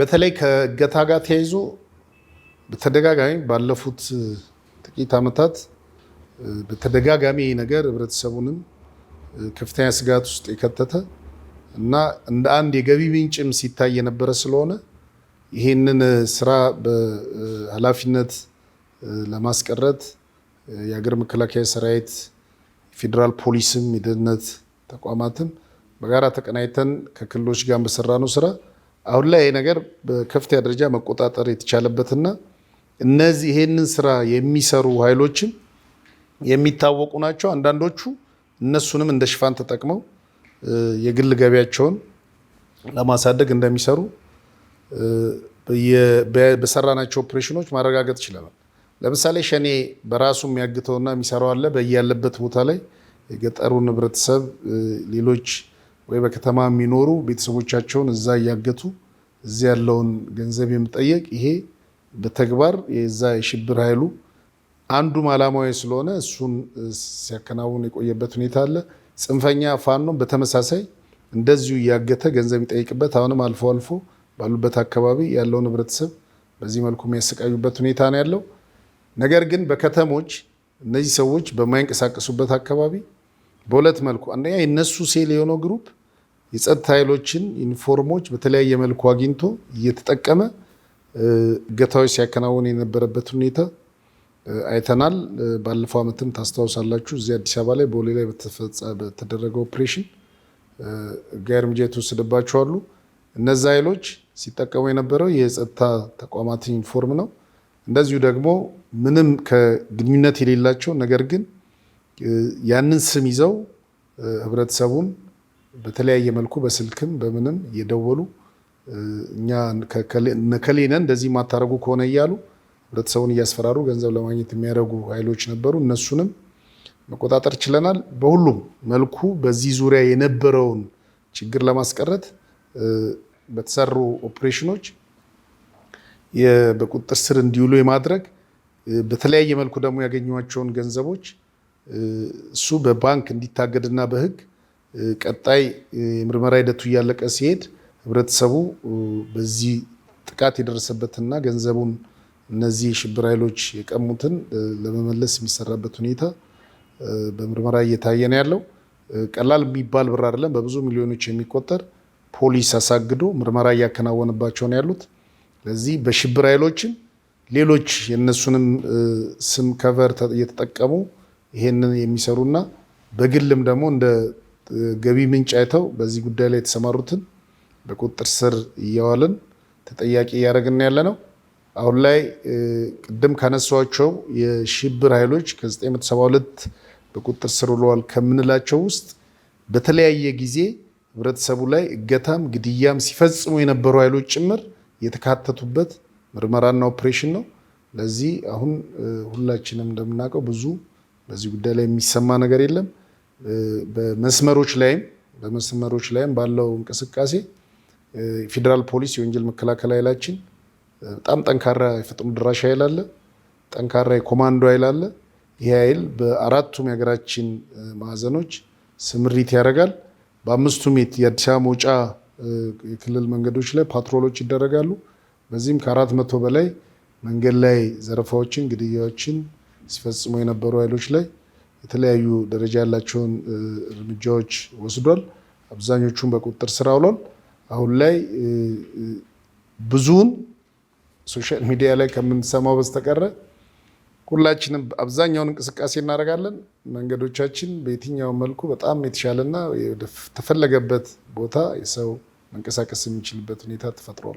በተለይ ከእገታ ጋር ተያይዞ በተደጋጋሚ ባለፉት ጥቂት ዓመታት በተደጋጋሚ ነገር ህብረተሰቡንም ከፍተኛ ስጋት ውስጥ የከተተ እና እንደ አንድ የገቢ ምንጭም ሲታይ የነበረ ስለሆነ ይህንን ስራ በኃላፊነት ለማስቀረት የሀገር መከላከያ ሰራዊት፣ የፌዴራል ፖሊስም፣ የደህንነት ተቋማትም በጋራ ተቀናይተን ከክልሎች ጋር በሰራነው ስራ አሁን ላይ ይሄ ነገር በከፍተኛ ደረጃ መቆጣጠር የተቻለበትና እነዚህ ይሄንን ስራ የሚሰሩ ኃይሎችም የሚታወቁ ናቸው። አንዳንዶቹ እነሱንም እንደ ሽፋን ተጠቅመው የግል ገቢያቸውን ለማሳደግ እንደሚሰሩ በሰራናቸው ኦፕሬሽኖች ማረጋገጥ ይችላል። ለምሳሌ ሸኔ በራሱ የሚያግተውና የሚሰራው አለ። በያለበት ቦታ ላይ የገጠሩ ህብረተሰብ ሌሎች ወይ በከተማ የሚኖሩ ቤተሰቦቻቸውን እዛ እያገቱ እዚህ ያለውን ገንዘብ የምጠየቅ ይሄ በተግባር የዛ የሽብር ኃይሉ አንዱም አላማዊ ስለሆነ እሱን ሲያከናውን የቆየበት ሁኔታ አለ። ጽንፈኛ ፋኖም በተመሳሳይ እንደዚሁ እያገተ ገንዘብ ይጠይቅበት አሁንም አልፎ አልፎ ባሉበት አካባቢ ያለውን ህብረተሰብ በዚህ መልኩ የሚያሰቃዩበት ሁኔታ ነው ያለው። ነገር ግን በከተሞች እነዚህ ሰዎች በማይንቀሳቀሱበት አካባቢ በሁለት መልኩ አንደኛ የነሱ ሴል የሆነው ግሩፕ የጸጥታ ኃይሎችን ዩኒፎርሞች በተለያየ መልኩ አግኝቶ እየተጠቀመ እገታዎች ሲያከናውን የነበረበት ሁኔታ አይተናል። ባለፈው ዓመትም ታስታውሳላችሁ እዚህ አዲስ አበባ ላይ ቦሌ ላይ በተደረገ ኦፕሬሽን ጋር እርምጃ የተወሰደባቸው አሉ። እነዚ ኃይሎች ሲጠቀሙ የነበረው የጸጥታ ተቋማትን ዩኒፎርም ነው። እንደዚሁ ደግሞ ምንም ከግንኙነት የሌላቸው ነገር ግን ያንን ስም ይዘው ህብረተሰቡን በተለያየ መልኩ በስልክም በምንም እየደወሉ እኛ ከሌነ እንደዚህ የማታደርጉ ከሆነ እያሉ ህብረተሰቡን እያስፈራሩ ገንዘብ ለማግኘት የሚያደርጉ ኃይሎች ነበሩ። እነሱንም መቆጣጠር ችለናል። በሁሉም መልኩ በዚህ ዙሪያ የነበረውን ችግር ለማስቀረት በተሰሩ ኦፕሬሽኖች በቁጥጥር ስር እንዲውሉ የማድረግ በተለያየ መልኩ ደግሞ ያገኟቸውን ገንዘቦች እሱ በባንክ እንዲታገድና በህግ ቀጣይ የምርመራ ሂደቱ እያለቀ ሲሄድ ህብረተሰቡ በዚህ ጥቃት የደረሰበትና ገንዘቡን እነዚህ የሽብር ኃይሎች የቀሙትን ለመመለስ የሚሰራበት ሁኔታ በምርመራ እየታየ ነው ያለው። ቀላል የሚባል ብር አይደለም። በብዙ ሚሊዮኖች የሚቆጠር ፖሊስ አሳግዶ ምርመራ እያከናወነባቸው ነው ያሉት። ለዚህ በሽብር ኃይሎችን ሌሎች የእነሱንም ስም ከቨር እየተጠቀሙ ይሄንን የሚሰሩና በግልም ደግሞ እንደ ገቢ ምንጭ አይተው በዚህ ጉዳይ ላይ የተሰማሩትን በቁጥጥር ስር እያዋልን ተጠያቂ እያደረግን ያለ ነው። አሁን ላይ ቅድም ካነሷቸው የሽብር ኃይሎች ከ972 በቁጥጥር ስር ውለዋል ከምንላቸው ውስጥ በተለያየ ጊዜ ህብረተሰቡ ላይ እገታም ግድያም ሲፈጽሙ የነበሩ ኃይሎች ጭምር የተካተቱበት ምርመራና ኦፕሬሽን ነው። ለዚህ አሁን ሁላችንም እንደምናውቀው ብዙ በዚህ ጉዳይ ላይ የሚሰማ ነገር የለም። በመስመሮች ላይም በመስመሮች ላይም ባለው እንቅስቃሴ ፌዴራል ፖሊስ የወንጀል መከላከል ኃይላችን በጣም ጠንካራ የፈጥኖ ድራሽ ኃይል አለ፣ ጠንካራ የኮማንዶ ኃይል አለ። ይህ ኃይል በአራቱም የሀገራችን ማዕዘኖች ስምሪት ያደርጋል። በአምስቱም የአዲስ አበባ መውጫ የክልል መንገዶች ላይ ፓትሮሎች ይደረጋሉ። በዚህም ከአራት መቶ በላይ መንገድ ላይ ዘረፋዎችን፣ ግድያዎችን ሲፈጽሙ የነበሩ ኃይሎች ላይ የተለያዩ ደረጃ ያላቸውን እርምጃዎች ወስዷል። አብዛኞቹን በቁጥጥር ስር አውሏል። አሁን ላይ ብዙውን ሶሻል ሚዲያ ላይ ከምንሰማው በስተቀረ ሁላችንም አብዛኛውን እንቅስቃሴ እናደርጋለን። መንገዶቻችን በየትኛው መልኩ በጣም የተሻለና ተፈለገበት ቦታ የሰው መንቀሳቀስ የሚችልበት ሁኔታ ተፈጥሯል።